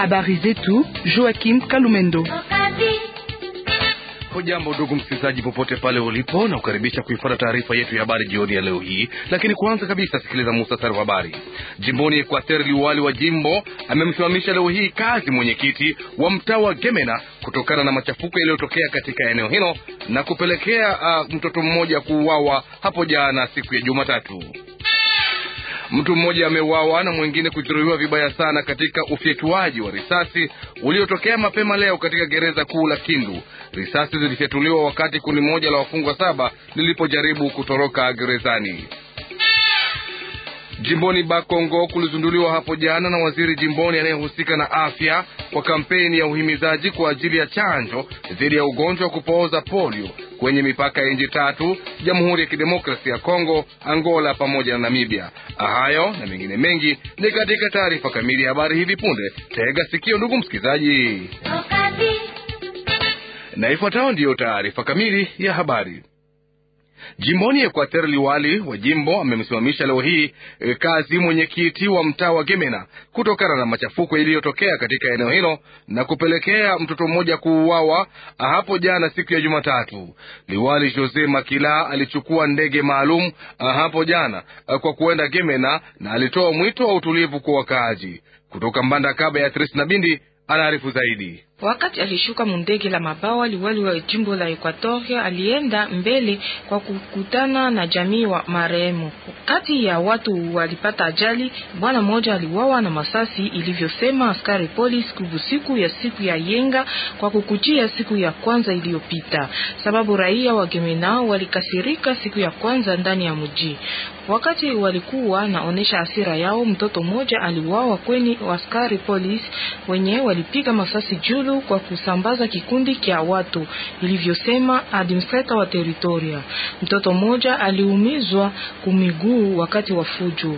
Habari zetu Joachim Kalumendo. Hujambo ndugu msikilizaji, popote pale ulipo, na kukaribisha kuifuata taarifa yetu ya habari jioni ya leo hii. Lakini kwanza kabisa, sikiliza muhtasari wa habari. Jimboni Equateur, liwali wa jimbo amemsimamisha leo hii kazi mwenyekiti wa mtaa wa Gemena kutokana na machafuko yaliyotokea katika eneo hilo na kupelekea uh, mtoto mmoja kuuawa hapo jana siku ya Jumatatu. Mtu mmoja ameuawa na mwingine kujeruhiwa vibaya sana katika ufyetuaji wa risasi uliotokea mapema leo katika gereza kuu la Kindu. Risasi zilifyatuliwa wakati kundi moja la wafungwa saba lilipojaribu kutoroka gerezani. Jimboni Bakongo kulizunduliwa hapo jana na waziri jimboni anayehusika na afya kwa kampeni ya uhimizaji kwa ajili ya chanjo dhidi ya ugonjwa wa kupooza polio kwenye mipaka ya nchi tatu, Jamhuri ya Kidemokrasia ya Kongo, Angola pamoja na Namibia. Hayo na mengine mengi ni katika taarifa kamili ya habari hivi punde. Tega sikio, ndugu msikilizaji, na ifuatayo ndiyo taarifa kamili ya habari. Jimboni Ekwater, liwali wa jimbo amemsimamisha leo hii e, kazi mwenyekiti wa mtaa wa Gemena kutokana na machafuko yaliyotokea katika eneo hilo na kupelekea mtoto mmoja kuuawa hapo jana siku ya Jumatatu. Liwali Jose Makila alichukua ndege maalum e, hapo jana e, kwa kuenda Gemena na alitoa mwito wa utulivu kwa wakaaji. Kutoka kaba ya Trisna Bindi anaarifu zaidi. Wakati alishuka mundege la mabawa, liwali wa jimbo la Equatoria alienda mbele kwa kukutana na jamii wa marehemu. Kati ya watu walipata ajali, bwana mmoja aliwawa na masasi, ilivyosema askari polisi kubu siku ya siku ya yenga kwa kukuchia siku ya kwanza iliyopita, sababu raia wa Gemena walikasirika siku ya kwanza ndani ya mji Wakati walikuwa naonesha asira yao, mtoto mmoja aliuawa kweni askari polisi wenye walipiga masasi julu kwa kusambaza kikundi kya watu ilivyosema administrator wa teritoria. Mtoto mmoja aliumizwa kumiguu wakati wa fujo.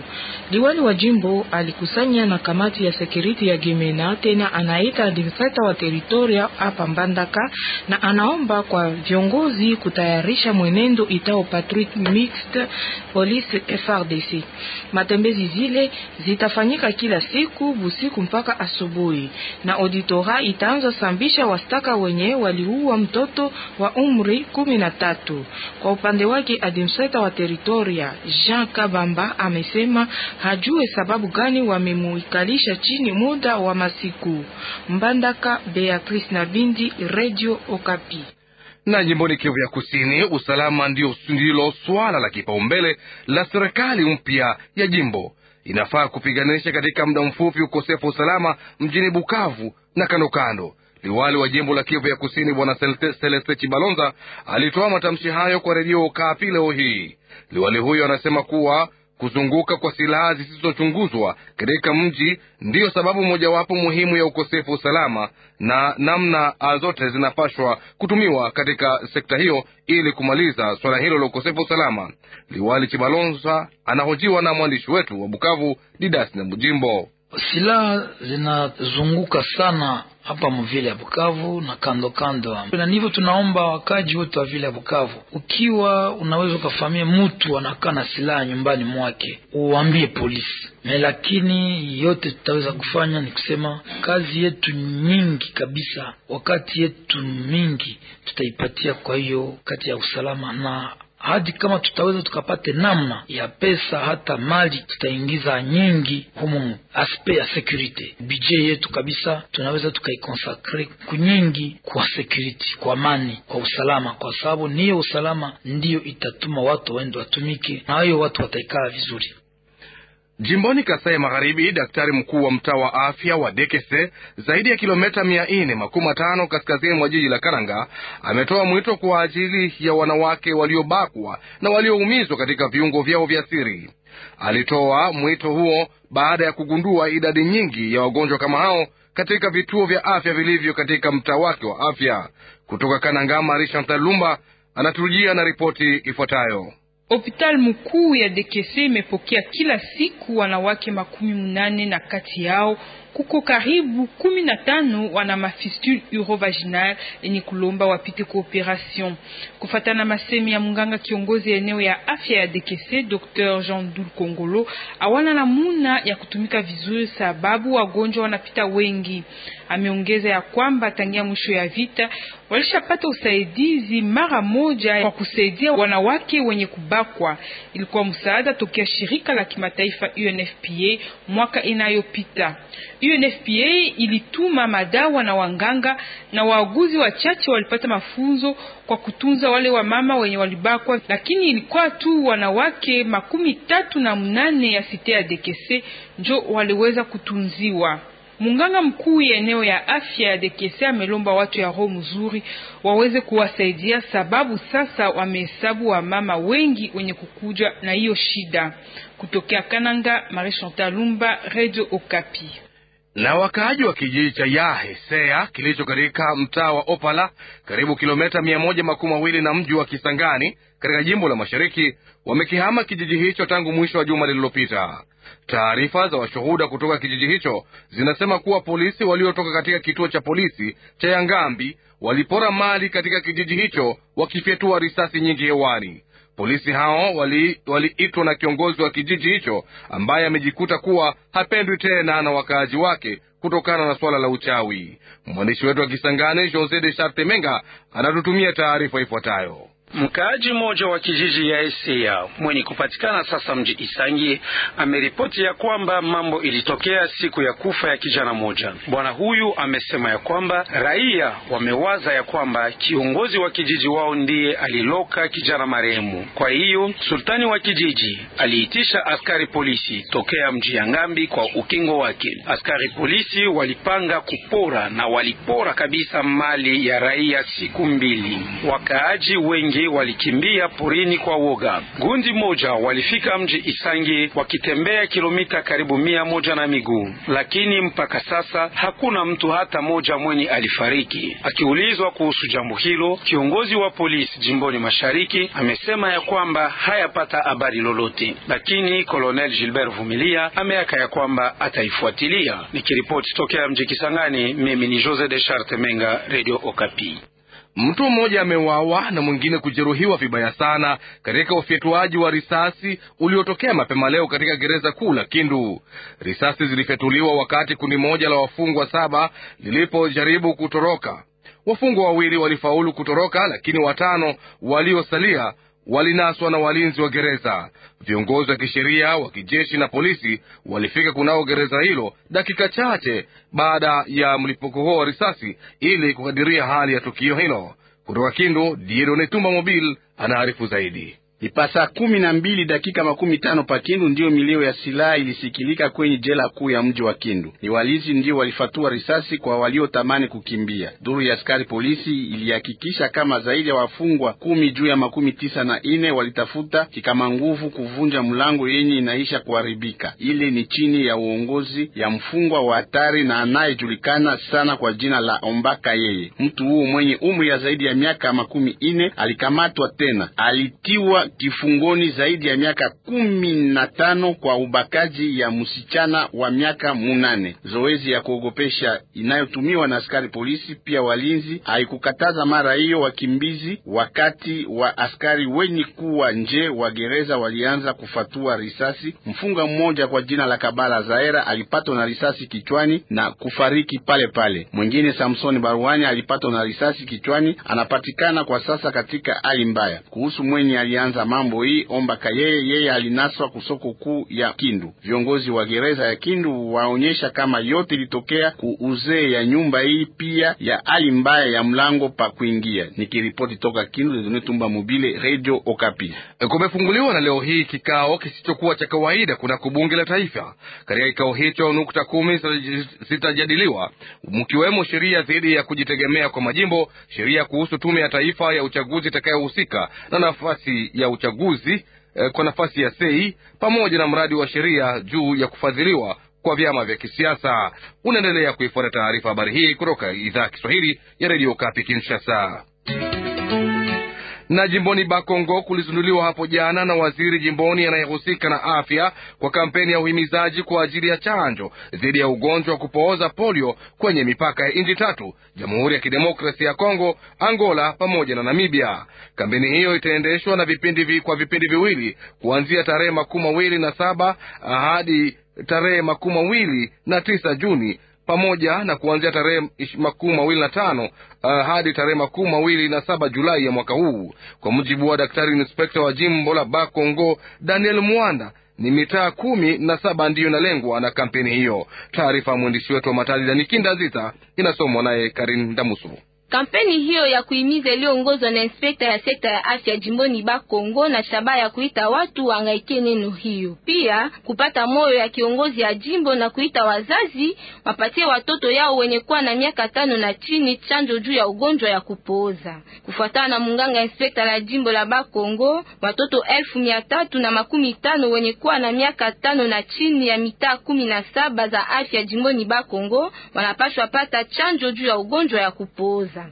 Liwali wa jimbo alikusanya na kamati ya security ya Gemena, tena anaita administrator wa teritoria hapa Mbandaka, na anaomba kwa viongozi kutayarisha mwenendo itao patrick mixed police FRDC. Matembezi zile zitafanyika kila siku busiku mpaka asubuhi, na auditora itaanza sambisha wastaka wenye waliua mtoto wa umri kumi na tatu. Kwa upande wake adimseta wa teritoria Jean Kabamba amesema hajue sababu gani wamemuikalisha chini muda wa masiku. Mbandaka Beatrice Nabindi, Radio Okapi. Na jimboni Kivu ya Kusini, usalama ndio ndilo swala la kipaumbele la serikali mpya ya jimbo. Inafaa kupiganisha katika muda mfupi ukosefu wa usalama mjini Bukavu na kandokando. Liwali wa jimbo la Kivu ya Kusini Bwana Celeste Chibalonza alitoa matamshi hayo kwa redio kapi leo hii. Liwali huyo anasema kuwa Kuzunguka kwa silaha zisizochunguzwa katika mji ndiyo sababu mojawapo muhimu ya ukosefu wa usalama, na namna zote zinapashwa kutumiwa katika sekta hiyo ili kumaliza swala hilo la ukosefu wa usalama. Liwali Chibalonza anahojiwa na mwandishi wetu wa Bukavu, Didas na Mujimbo silaha zinazunguka sana hapa mvile ya Bukavu na kando kando, na ndivyo tunaomba wakaji wote wa vile ya Bukavu, ukiwa unaweza ukafahamia mtu anakaa na silaha nyumbani mwake uambie polisi me, lakini yote tutaweza kufanya ni kusema kazi yetu nyingi kabisa, wakati yetu mingi tutaipatia kwa hiyo kati ya usalama na hadi kama tutaweza tukapate namna ya pesa hata mali tutaingiza nyingi humu, aspect ya security budget yetu kabisa tunaweza tukaikonsakre kunyingi kwa security, kwa mani kwa usalama, kwa sababu niyo usalama ndiyo itatuma watu waende watumike, na hayo watu wataikaa vizuri. Jimboni Kasai Magharibi, daktari mkuu wa mtaa wa afya wa Dekese, zaidi ya kilomita mia nne makumi tano kaskazini mwa jiji la Kananga, ametoa mwito kwa ajili ya wanawake waliobakwa na walioumizwa katika viungo vyao vya siri. Alitoa mwito huo baada ya kugundua idadi nyingi ya wagonjwa kama hao katika vituo vya afya vilivyo katika mtaa wake wa afya. Kutoka Kananga, Marie Chantal Lumba anaturujia na ripoti ifuatayo. Hospitali mkuu ya Dekese imepokea kila siku wanawake makumi munane na kati yao kuko karibu kumi na tano wana mafistule urovaginal yenye kulomba wapite kuoperation. Kufatana na masemi ya mganga kiongozi ya eneo ya afya ya Dekese, Dr Jean Dul Kongolo, awana muna ya kutumika vizuri sababu wagonjwa wanapita wengi. Ameongeza ya kwamba tangia mwisho ya vita walishapata usaidizi mara moja kwa kusaidia wanawake wenye kubali Bakwa. Ilikuwa msaada tokea shirika la kimataifa UNFPA mwaka inayopita. UNFPA ilituma madawa na wanganga na wauguzi wachache walipata mafunzo kwa kutunza wale wamama wenye walibakwa, lakini ilikuwa tu wanawake makumi tatu na mnane ya site ya DKC njo waliweza kutunziwa. Munganga mkuu ya eneo ya afya ya Dekese amelomba watu ya roho mzuri waweze kuwasaidia, sababu sasa wamehesabu wa mama wengi wenye kukuja na hiyo shida. Kutokea Kananga, Marie Chantal Lumba, Radio Okapi. Na wakaaji wa kijiji cha Yahesea kilicho katika mtaa wa Opala, karibu kilometa mia moja makumi mawili na mji wa Kisangani katika jimbo la Mashariki, wamekihama kijiji hicho tangu mwisho wa juma lililopita. Taarifa za washuhuda kutoka kijiji hicho zinasema kuwa polisi waliotoka katika kituo cha polisi cha Yangambi walipora mali katika kijiji hicho wakifyatua risasi nyingi hewani. Polisi hao waliitwa wali na kiongozi wa kijiji hicho ambaye amejikuta kuwa hapendwi tena na wakaaji wake kutokana na suala la uchawi. Mwandishi wetu wa Kisangani, Jose de charte Menga, anatutumia taarifa ifuatayo. Mkaaji mmoja wa kijiji ya Esea mwenye kupatikana sasa mji Isangi ameripoti ya kwamba mambo ilitokea siku ya kufa ya kijana moja. Bwana huyu amesema ya kwamba raia wamewaza ya kwamba kiongozi wa kijiji wao ndiye aliloka kijana marehemu. Kwa hiyo sultani wa kijiji aliitisha askari polisi tokea mji ya Ngambi kwa ukingo wake. Askari polisi walipanga kupora na walipora kabisa mali ya raia siku mbili. Wakaaji wengi wengi walikimbia porini kwa woga. Gundi moja walifika mji Isangi wakitembea kilomita karibu mia moja na miguu, lakini mpaka sasa hakuna mtu hata moja mwenye alifariki. Akiulizwa kuhusu jambo hilo, kiongozi wa polisi jimboni mashariki amesema ya kwamba hayapata habari lolote, lakini Colonel Gilbert Vumilia ameaka ya kwamba ataifuatilia. Nikiripoti tokea mji Kisangani, mimi ni Jose de Charte Menga, Radio Okapi. Mtu mmoja ameuawa na mwingine kujeruhiwa vibaya sana katika ufyatuaji wa risasi uliotokea mapema leo katika gereza kuu la Kindu. Risasi zilifyatuliwa wakati kundi moja la wafungwa saba lilipojaribu kutoroka. Wafungwa wawili walifaulu kutoroka, lakini watano waliosalia walinaswa na walinzi wa gereza. Viongozi wa kisheria wa kijeshi na polisi walifika kunao gereza hilo dakika chache baada ya mlipuko huo wa risasi ili kukadiria hali ya tukio hilo. Kutoka Kindu, Diedone Tumba Mobil anaarifu zaidi ni pasaa kumi na mbili dakika makumi tano pa Kindu ndiyo milio ya silaha ilisikilika kwenye jela kuu ya mji wa Kindu. Ni walizi ndio walifatua risasi kwa waliotamani kukimbia. Duru ya askari polisi ilihakikisha kama zaidi ya wafungwa kumi juu ya makumi tisa na ine walitafuta kikama nguvu kuvunja mlango yenye inaisha kuharibika. Ile ni chini ya uongozi ya mfungwa wa hatari na anayejulikana sana kwa jina la Ombaka. Yeye mtu huo mwenye umri ya zaidi ya miaka makumi ine alikamatwa tena, alitiwa kifungoni zaidi ya miaka kumi na tano kwa ubakaji ya msichana wa miaka munane. Zoezi ya kuogopesha inayotumiwa na askari polisi pia walinzi haikukataza mara hiyo wakimbizi, wakati wa askari wenye kuwa nje wa gereza walianza kufatua risasi. Mfunga mmoja kwa jina la Kabala Zaera alipatwa na risasi kichwani na kufariki pale pale. Mwingine Samsoni Baruani alipatwa na risasi kichwani, anapatikana kwa sasa katika hali mbaya. Kuhusu mwenye alianza la mambo hii Omba Kayeye, yeye alinaswa kusoko kuu ya Kindu. Viongozi wa gereza ya Kindu waonyesha kama yote ilitokea kuuzee ya nyumba hii pia ya hali mbaya ya mlango pa kuingia. Nikiripoti toka Kindu, Zinotumba Mobile, Radio Okapi. Eh, kumefunguliwa na leo hii kikao kisichokuwa cha kawaida kuna kubunge la taifa. Katika kikao hicho nukta kumi zitajadiliwa mkiwemo sheria dhidi ya kujitegemea kwa majimbo, sheria kuhusu tume ya taifa ya uchaguzi itakayohusika na nafasi ya uchaguzi eh, kwa nafasi ya sei pamoja na mradi wa sheria juu ya kufadhiliwa kwa vyama vya kisiasa. Unaendelea kuifuata taarifa habari hii kutoka idhaa ya Kiswahili ya redio Kapi Kinshasa. Na jimboni Bakongo kulizunduliwa hapo jana na waziri jimboni anayehusika na afya kwa kampeni ya uhimizaji kwa ajili ya chanjo dhidi ya ugonjwa wa kupooza polio kwenye mipaka ya nchi tatu, Jamhuri ya Kidemokrasia ya Kongo, Angola pamoja na Namibia. Kampeni hiyo itaendeshwa na vipindi vi, kwa vipindi viwili kuanzia tarehe makumi mawili na saba hadi tarehe makumi mawili na tisa Juni pamoja na kuanzia tarehe makumi mawili na tano uh, hadi tarehe makumi mawili na saba Julai ya mwaka huu, kwa mujibu wa daktari inspekta wa jimbo la Bakongo Daniel Mwanda ni mitaa kumi na saba ndiyo inalengwa na kampeni hiyo. Taarifa ya mwandishi wetu wa Matadi Danikinda Zita inasomwa naye Karin Damusu. Kampeni hiyo ya kuhimiza iliyoongozwa na inspekta ya sekta ya afya jimboni Bakongo na shabaha ya kuita watu wangaikie neno hiyo, pia kupata moyo ya kiongozi ya jimbo na kuita wazazi wapatie watoto yao wenye kuwa na miaka tano na chini chanjo juu ya ugonjwa ya kupooza. Kufuatana na munganga inspekta la jimbo la Bakongo, watoto elfu mia tatu na makumi tano wenye kuwa na miaka tano na chini ya mitaa kumi na saba za afya jimboni Bakongo wanapaswa pata chanjo juu ya ugonjwa ya kupooza.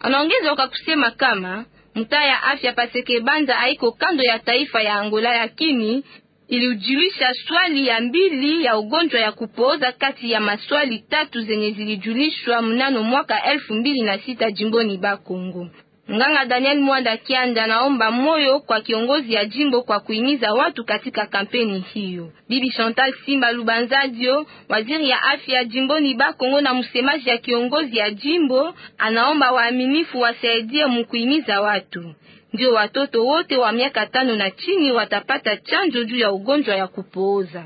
Anaongeza kwa kusema kama mtaa ya afya Paseke Banza haiko kando ya taifa ya Angola, lakini ilijulisha swali ya mbili ya ugonjwa ya kupooza kati ya maswali tatu zenye zilijulishwa mnano mwaka elfu mbili na sita jimboni Bakongo. Mganga Daniel Mwanda Kianda naomba moyo kwa kiongozi ya jimbo kwa kuhimiza watu katika kampeni hiyo. Bibi Chantal Simba Lubanzadio, waziri ya afya jimboni Bakongo na msemaji ya kiongozi ya jimbo, anaomba waaminifu wasaidie mkuhimiza watu. Ndio watoto wote wa miaka tano na chini watapata chanjo juu ya ugonjwa ya kupooza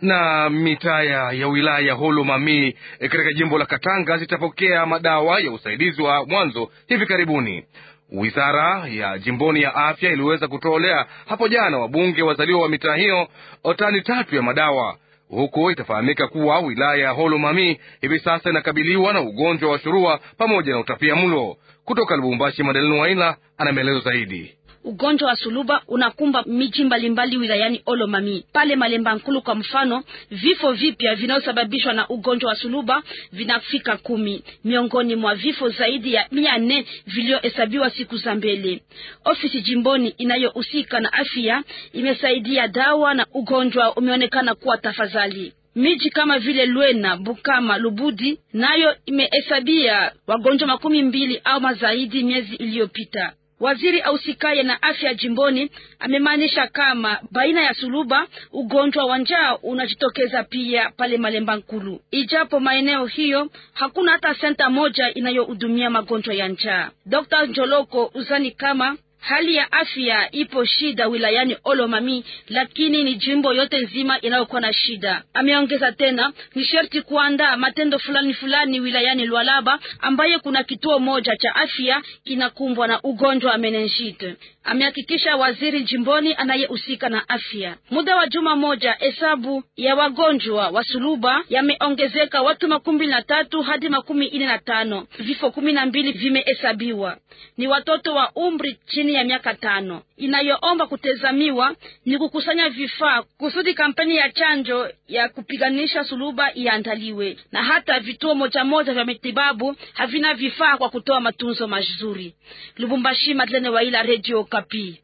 na mitaya ya wilaya ya Holo Mami e, eh, katika jimbo la Katanga zitapokea madawa ya usaidizi wa mwanzo hivi karibuni. Wizara ya jimboni ya afya iliweza kutolea hapo jana wabunge wazaliwa wa mitaa hiyo tani tatu ya madawa. Huko itafahamika kuwa wilaya ya Holo Mami hivi sasa inakabiliwa na ugonjwa wa shurua pamoja na utapia mlo. Kutoka Lubumbashi, madalenu Waila ana maelezo zaidi ugonjwa wa suluba unakumba miji mbalimbali wilayani Olomami. Pale Malemba Nkulu kwa mfano, vifo vipya vinavyosababishwa na ugonjwa wa suluba vinafika kumi, miongoni mwa vifo zaidi ya mia nne vilivyohesabiwa siku za mbele. Ofisi jimboni inayohusika na afya imesaidia dawa na ugonjwa umeonekana kuwa tafadhali. Miji kama vile Lwena, Bukama, Lubudi nayo imehesabia wagonjwa makumi mbili au mazaidi miezi iliyopita. Waziri ausikaye na afya jimboni amemaanisha kama baina ya suluba ugonjwa wa njaa unajitokeza pia pale Malemba Nkulu, ijapo maeneo hiyo hakuna hata senta moja inayohudumia magonjwa ya njaa. Dr. Njoloko uzani kama Hali ya afya ipo shida wilayani Olomami, lakini ni jimbo yote nzima inayokuwa na shida. Ameongeza tena, ni sharti kuandaa matendo fulani fulani wilayani Lwalaba ambaye kuna kituo moja cha afya kinakumbwa na ugonjwa wa meningitis amehakikisha waziri jimboni anayehusika na afya. Muda wa juma moja, hesabu ya wagonjwa wa suluba yameongezeka watu makumi na tatu hadi makumi ine na tano. Vifo kumi na mbili vimehesabiwa, ni watoto wa umri chini ya miaka tano. Inayoomba kutezamiwa ni kukusanya vifaa kusudi kampeni ya chanjo ya kupiganisha suluba iandaliwe, na hata vituo moja moja vya matibabu havina vifaa kwa kutoa matunzo mazuri. Lubumbashi, Madlene Waila, Radio Okapi.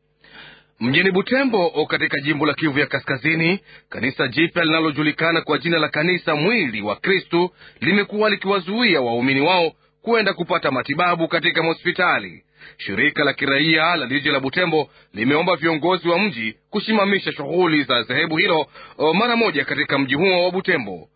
Mjini Butembo katika jimbo la Kivu ya Kaskazini, kanisa jipya linalojulikana kwa jina la Kanisa Mwili wa Kristu limekuwa likiwazuia waumini wao kwenda kupata matibabu katika hospitali. Shirika la kiraia la jiji la Butembo limeomba viongozi wa mji kusimamisha shughuli za dhehebu hilo mara moja katika mji huo wa Butembo.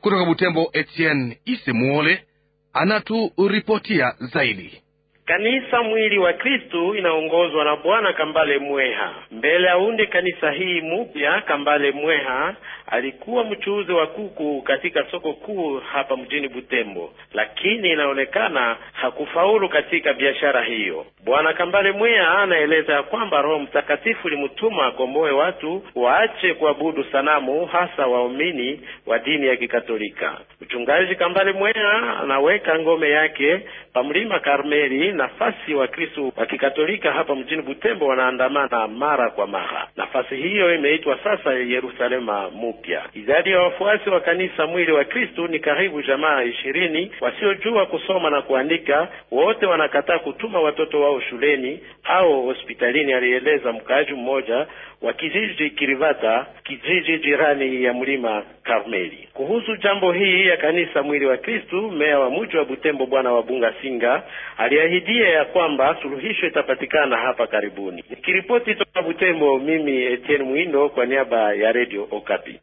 Kutoka Butembo, Etienne Isemuole anaturipotia zaidi. Kanisa Mwili wa Kristu inaongozwa na Bwana Kambale Mweha. Mbele aunde kanisa hii mupya, Kambale Mweha alikuwa mchuuzi wa kuku katika soko kuu hapa mjini Butembo, lakini inaonekana hakufaulu katika biashara hiyo. Bwana Kambale Mweha anaeleza ya kwamba Roho Mtakatifu ilimtuma akomboe watu waache kuabudu sanamu, hasa waumini wa dini ya Kikatolika. Mchungaji Kambale Mweha anaweka ngome yake pa mlima Karmeli, nafasi wa Kristo wa Kikatolika hapa mjini Butembo wanaandamana mara kwa mara. Nafasi hiyo imeitwa sasa Yerusalema Mupya. Idadi ya wafuasi wa kanisa mwili wa Kristo ni karibu jamaa ishirini wasiojua kusoma na kuandika, wote wanakataa kutuma watoto wao shuleni au hospitalini, alieleza mkaaji mmoja wa kijiji Kirivata, kijiji jirani ya mlima Karmeli. Kuhusu jambo hii ya kanisa mwili wa Kristo, meya wa mji wa Butembo Bwana Wabunga si Makinga aliahidia ya kwamba suluhisho itapatikana hapa karibuni. Nikiripoti toka Butembo, mimi Etienne Mwindo kwa niaba ya Radio Okapi.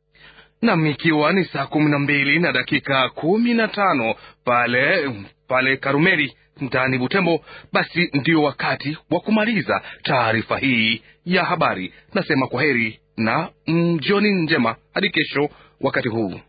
Nam, ikiwa ni saa kumi na mbili na dakika kumi na tano pale pale Karumeri mtaani Butembo, basi ndio wakati wa kumaliza taarifa hii ya habari. Nasema kwa heri na mjioni njema hadi kesho wakati huu.